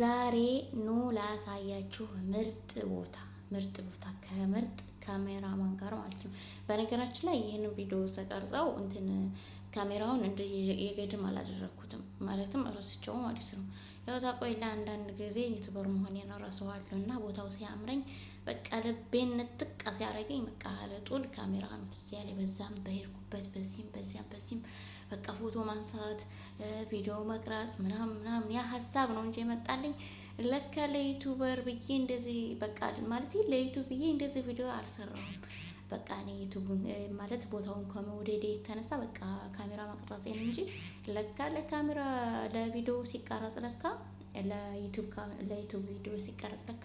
ዛሬ ኑ ላሳያችሁ ምርጥ ቦታ ምርጥ ቦታ ከምርጥ ካሜራማን ጋር ማለት ነው። በነገራችን ላይ ይህን ቪዲዮ ተቀርጸው እንትን ካሜራውን እንደ የገድም አላደረግኩትም ማለትም ረስቸው ማለት ነው። ያው ታቆይላ አንዳንድ ጊዜ ዩቱበር መሆኔን እረሳዋለሁ እና ቦታው ሲያምረኝ በቃ ልቤን ንጥቅ ሲያደርገኝ በቃ ለጡል ካሜራ ነው ትዚያ ላይ በዛም በሄድኩበት በዚህም በዚያም በዚህም በቃ ፎቶ ማንሳት፣ ቪዲዮ መቅረጽ ምናምን ምናምን ያ ሀሳብ ነው እንጂ የመጣልኝ ለካ ለዩቱበር ብዬ እንደዚህ በቃ ማለት ለዩቱብ ብዬ እንደዚህ ቪዲዮ አልሰራሁም። በቃ እኔ ዩቱብ ማለት ቦታውን ከመውደዴ የተነሳ በቃ ካሜራ መቅረጼን እንጂ ለካ ለካሜራ ለቪዲዮ ሲቀረጽ ለካ ለዩቱብ ቪዲዮ ሲቀረጽ ለካ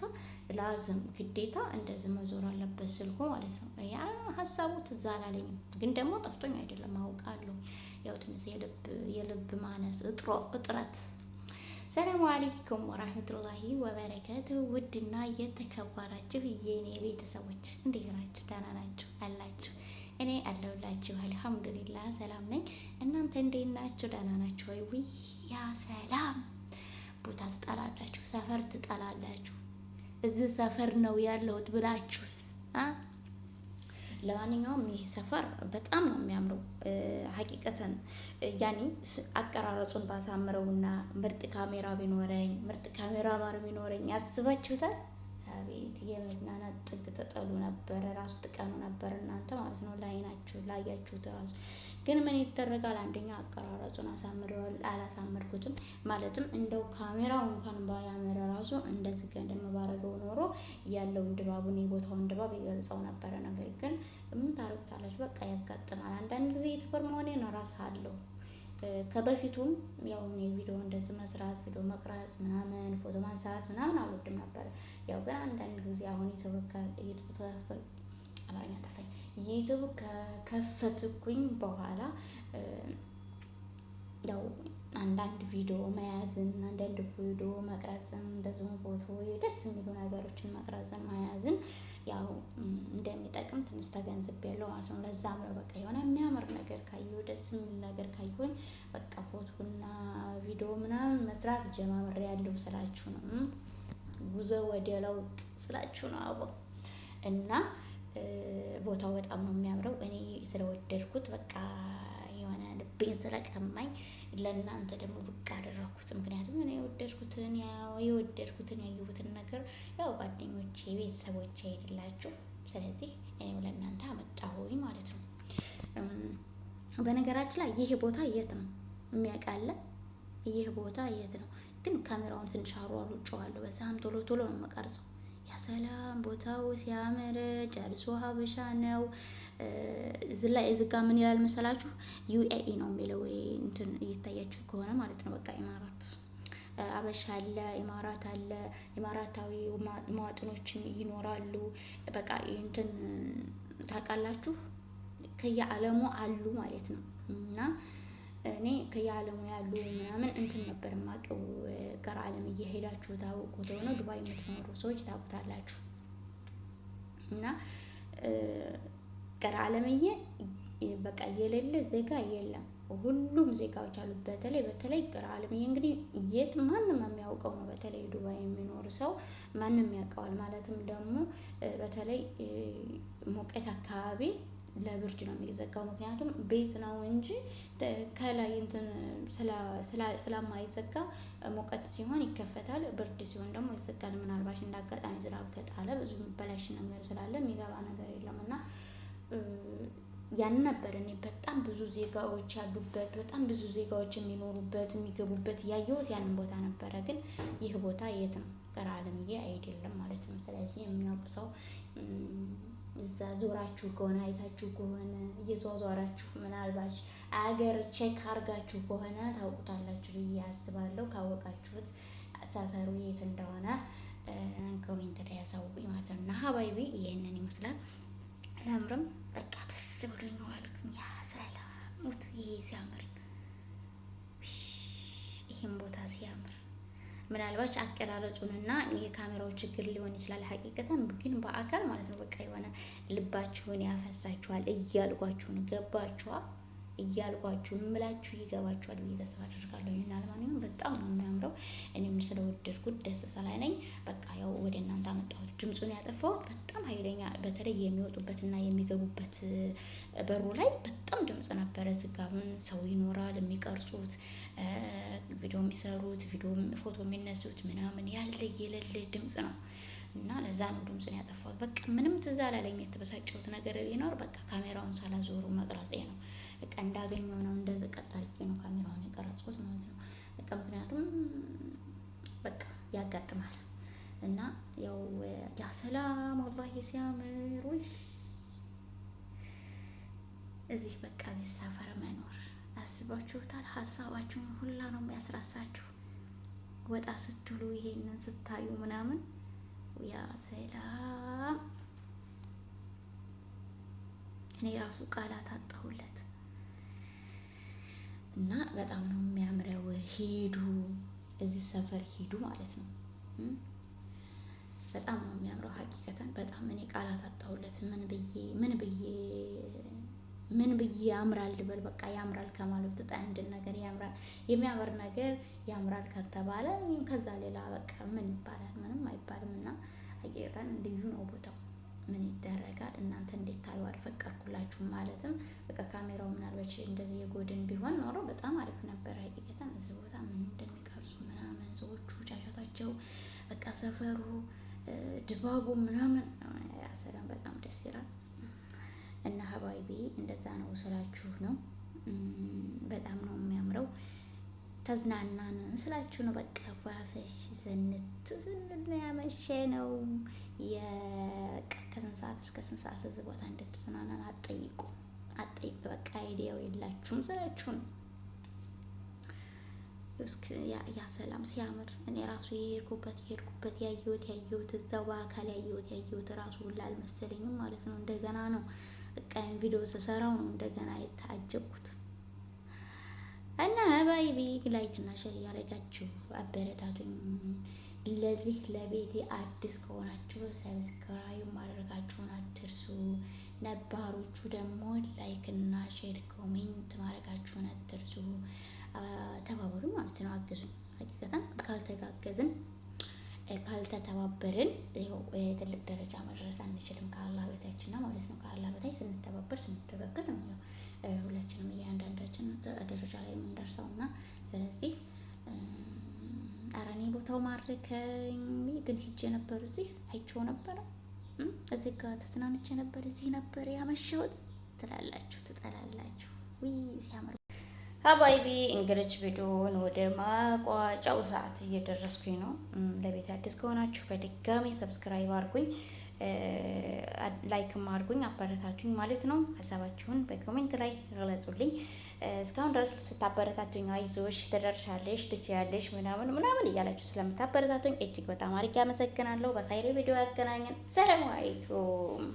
ላዝም ግዴታ እንደዚህ መዞር አለበት ስልኩ ማለት ነው። ያ ሀሳቡ ትዝ አላለኝም፣ ግን ደግሞ ጠፍቶኝ አይደለም አውቃለሁ። ያው ትንሽ የልብ ማነስ እጥሮ እጥረት። ሰላሙ አለይኩም ወራህመቱላሂ ወበረከቱ። ውድና የተከበራችሁ የኔ ቤተሰቦች እንዴት ናችሁ? ደህና ናችሁ አላችሁ? እኔ አለሁላችሁ አልሐምዱሊላህ፣ ሰላም ነኝ። እናንተ እንዴት ናችሁ? ደህና ናችሁ ወይ? ውይ ያ ሰላም ቦታ ትጠላላችሁ፣ ሰፈር ትጠላላችሁ። እዚህ ሰፈር ነው ያለሁት ብላችሁስ ለማንኛውም ይህ ሰፈር በጣም ነው የሚያምረው። ሀቂቀተን ያኔ አቀራረጹን ባሳምረውና ምርጥ ካሜራ ቢኖረኝ ምርጥ ካሜራ ማር ቢኖረኝ ያስባችሁታል። አቤት የመዝናናት ጥግ ተጠሉ ነበረ። ራሱ ጥቀኑ ነበር እናንተ ማለት ነው። ላይናችሁ ላያችሁት ራሱ ግን ምን ይደረጋል? አንደኛ አቀራረጹን አሳምረዋል። አላሳምርኩትም። ማለትም እንደው ካሜራው እንኳን ባያመረ ራሱ እንደ ገንድ መባረገው ኖሮ ያለውን ድባቡን የቦታውን ድባብ ይገልጸው ነበረ። ነገር ግን ምን ታረጉታላችሁ? በቃ ያጋጥማል። አንዳንድ ጊዜ የትኩር መሆኔ ነው ራስ አለው ከበፊቱም ያው እኔ ቪዲዮ እንደዚህ መስራት ቪዲዮ መቅረጽ ምናምን ፎቶ ማንሳት ምናምን አልወድም ነበረ። ያው ግን አንዳንድ ጊዜ አሁን አማርኛ ጠፋኝ። ዩቱብ ከከፈትኩኝ በኋላ ያው አንዳንድ ቪዲዮ መያዝን አንዳንድ ቪዲዮ መቅረጽን እንደዚሁ ፎቶ ደስ የሚሉ ነገሮችን መቅረጽን መያዝን ያው እንደሚጠቅም ትንሽ ተገንዝቤያለሁ ማለት ነው። ለዛም ነው በቃ የሆነ የሚያምር ነገር ካየሁ ደስ የሚል ነገር ካየሁኝ በቃ ፎቶና ቪዲዮ ምናምን መስራት ጀማምሬ ያለው ስላችሁ ነው። ጉዞ ወደ ለውጥ ስላችሁ ነው። አቦ እና ቦታው በጣም ነው የሚያምረው። እኔ ስለወደድኩት በቃ ልቤን ስለቀማኝ ለእናንተ ደግሞ ብቅ አደረኩት። ምክንያቱም እኔ የወደድኩትን የወደድኩትን ያየሁትን ነገር ያው ጓደኞቼ፣ ቤተሰቦቼ አይደላችሁ። ስለዚህ እኔም ለእናንተ አመጣሁኝ ማለት ነው። በነገራችን ላይ ይህ ቦታ የት ነው የሚያውቃለ? ይህ ቦታ የት ነው ግን? ካሜራውን ትንሽ አብሮ አልውጨዋለሁ። በዛም ቶሎ ቶሎ ነው መቀርጸው። ያሰላም ቦታው ሲያምር ጨርሶ ሀበሻ ነው። እዚህ ላይ ምን ይላል መሰላችሁ? ዩኤኢ ነው የሚለው እንትን እየታያችሁ ከሆነ ማለት ነው። በቃ ኢማራት አበሻ አለ፣ ኢማራት አለ፣ ኢማራታዊ መዋጥኖችም ይኖራሉ። በቃ እንትን ታውቃላችሁ፣ ከየዓለሙ አሉ ማለት ነው እና እኔ ከየዓለሙ ያሉ ምናምን እንትን ነበር የማውቀው። ጋር ዓለም እየሄዳችሁ ታውቁ ተሆነ ዱባይ የምትኖሩ ሰዎች ታውቁታላችሁ እና ፍቅር አለምዬ በቃ የሌለ ዜጋ የለም። ሁሉም ዜጋዎች አሉት። በተለይ በተለይ ፍቅር አለምዬ እንግዲህ የት ማንም የሚያውቀው ነው። በተለይ ዱባይ የሚኖር ሰው ማንም ያውቀዋል። ማለትም ደግሞ በተለይ ሙቀት አካባቢ ለብርድ ነው የሚዘጋው። ምክንያቱም ቤት ነው እንጂ ከላይ እንትን ስለማይዘጋ ሙቀት ሲሆን ይከፈታል፣ ብርድ ሲሆን ደግሞ ይዘጋል። ምናልባሽ እንዳጋጣሚ ዝናብ ከጣለ ብዙ የሚበላሽ ነገር ስላለ የሚገባ ነገር የለም እና ያን ነበር እኔ በጣም ብዙ ዜጋዎች ያሉበት በጣም ብዙ ዜጋዎች የሚኖሩበት የሚገቡበት ያየሁት ያንን ቦታ ነበረ። ግን ይህ ቦታ የት ነው ቅር አለምዬ አይደለም ማለት ነው። ስለዚህ የሚያውቅ ሰው እዛ ዞራችሁ ከሆነ አይታችሁ ከሆነ እየዟዟራችሁ ምናልባት አገር ቼክ አርጋችሁ ከሆነ ታውቁታላችሁ ብዬ አስባለሁ። ካወቃችሁት ሰፈሩ የት እንደሆነ ኮሜንት ላይ ያሳውቁኝ ማለት ነው። እና ሀባይቢ ይህንን ይመስላል አያምርም? በቃ ደስ ብሎኝ ዋልኩኝ። ያ ሰላሙት ይሄ ሲያምር፣ ይህም ቦታ ሲያምር ምናልባች አቀራረጹንና የካሜራው ችግር ሊሆን ይችላል። ሀቂቀተን ግን በአካል ማለት ነው በቃ የሆነ ልባችሁን ያፈሳችኋል። እያልጓችሁን ገባችኋ እያልጓችሁን ምላችሁ ይገባችኋል ብዬ ተስፋ አደርጋለሁ። ይናልማን በጣም ነው የሚያምረው። እኔም ስለወደድኩት ደስ ስላይ ነኝ በቃ ያው ወደ እናንተ አመጣሁት። ድምፁን ያጠፋሁት በጣም ኃይለኛ በተለይ የሚወጡበትና የሚገቡበት በሩ ላይ በጣም ድምፅ ነበረ። ዝጋሁን ሰው ይኖራል የሚቀርጹት ቪዲዮ የሚሰሩት ቪዲዮ ፎቶ የሚነሱት ምናምን ያለ የሌለ ድምፅ ነው እና ለዛ ነው ድምፅን ያጠፋሁት። በቃ ምንም ትዝ አላለኝ። የተበሳጨሁት ነገር ቢኖር በቃ ካሜራውን ሳላዞሩ መቅረጼ ነው። በቃ እንዳገኘው ነው እንደዚህ ቀጥ ነው ካሜራውን የቀረጽኩት ማለት ነው። በቃ ምክንያቱም በቃ ያጋጥማል እና ያው ያ ሰላም ወላሂ ሲያምር ወይ እዚህ በቃ እዚህ ሰፈር መኖር አስባችሁታል? ሀሳባችሁን ሁላ ነው የሚያስራሳችሁ። ወጣ ስትሉ ይሄንን ስታዩ ምናምን ያ ሰላም እኔ ራሱ ቃላት አጣሁለት። እና በጣም ነው የሚያምረው። ሂዱ፣ እዚህ ሰፈር ሂዱ ማለት ነው። በጣም ነው የሚያምረው። ሀቂቀተን በጣም እኔ ቃላት አጣሁለት። ምን ብዬ ምን ብዬ ምን ብዬ ያምራል ልበል። በቃ ያምራል ከማለት ጥጣ አንድን ነገር ያምራል የሚያምር ነገር ያምራል ከተባለ ከዛ ሌላ በቃ ምን ይባላል? ምንም አይባልም። እና ሀቂቀተን ልዩ ነው ቦታው። ምን ይደረጋል? እናንተ እንዴት ታዩ አልፈቀርኩላችሁ ማለትም በቃ ካሜራው ምናልባች እንደዚህ የጎድን ቢሆን ኖሮ በጣም አሪፍ ነበረ። ሀቂቀተን እዚህ ቦታ ምን እንደሚቀርጹ ምናምን ሰዎቹ ጫጫታቸው፣ በቃ ሰፈሩ፣ ድባቡ ምናምን ሰላም በጣም ደስ ይላል። እና ሀባይቢ እንደዛ ነው ስላችሁ ነው። በጣም ነው የሚያምረው። ተዝናናን ስላችሁ ነው። በቃ ፏፈሽ ዘንት ስንል ያመሸ ነው። ከስንት ሰዓት እስከ ስንት ሰዓት እዚህ ቦታ እንድትዝናናን አጠይቁ አጠይቁ። በቃ አይዲያው የላችሁም ስላችሁ ነው። ያ ሰላም ሲያምር እኔ ራሱ የሄድኩበት የሄድኩበት ያየሁት ያየሁት እዛው በአካል ያየሁት ያየሁት ራሱ ሁላ አልመሰለኝም ማለት ነው። እንደገና ነው በቃ ቪዲዮ ስሰራው ነው እንደገና የታጀብኩት። እና ሀባይቢ ላይክ እና ሼር እያደረጋችሁ አበረታቱኝ። ለዚህ ለቤቴ አዲስ ከሆናችሁ ሰብስክራይብ ማድረጋችሁን አትርሱ። ነባሮቹ ደግሞ ላይክ እና ሼር ኮሜንት ማድረጋችሁን አትርሱ። ተባበሩ ማለት ነው፣ አግዙን። ሀቂቀተን ካልተጋገዝን ካልተተባበርን ትልቅ ደረጃ መድረስ አንችልም። ከአላህ በታች እና ማለት ነው ከአላህ በታች ስንተባበር ስንተጋገዝ ነው ሁላችንም እያንዳንዳችን ደረጃ ላይ የምንደርሰው እና ስለዚህ አረኔ ቦታው ማርከኝ ግን ሂጄ ነበር፣ እዚህ አይቼው ነበረ፣ እዚህ ጋር ተዝናንቼ ነበር፣ እዚህ ነበር ያመሸሁት ትላላችሁ፣ ትጠላላችሁ። ውይ ሲያምር ሀባይቢ እንግዲህ ቪዲዮውን ወደ ማቋጫው ሰዓት እየደረስኩኝ ነው። ለቤት አዲስ ከሆናችሁ በድጋሚ ሰብስክራይብ አድርጉኝ። ላይክም አድርጉኝ አበረታቱኝ ማለት ነው። ሀሳባችሁን በኮሜንት ላይ ገለጹልኝ። እስካሁን ድረስ ስታበረታቱኝ አይዞሽ፣ ትደርሻለሽ፣ ትችያለሽ ምናምን ምናምን እያላችሁ ስለምታበረታቱኝ እጅግ በጣም አድርጌ አመሰግናለሁ። በካይሬ ቪዲዮ ያገናኘን። ሰላም አለይኩም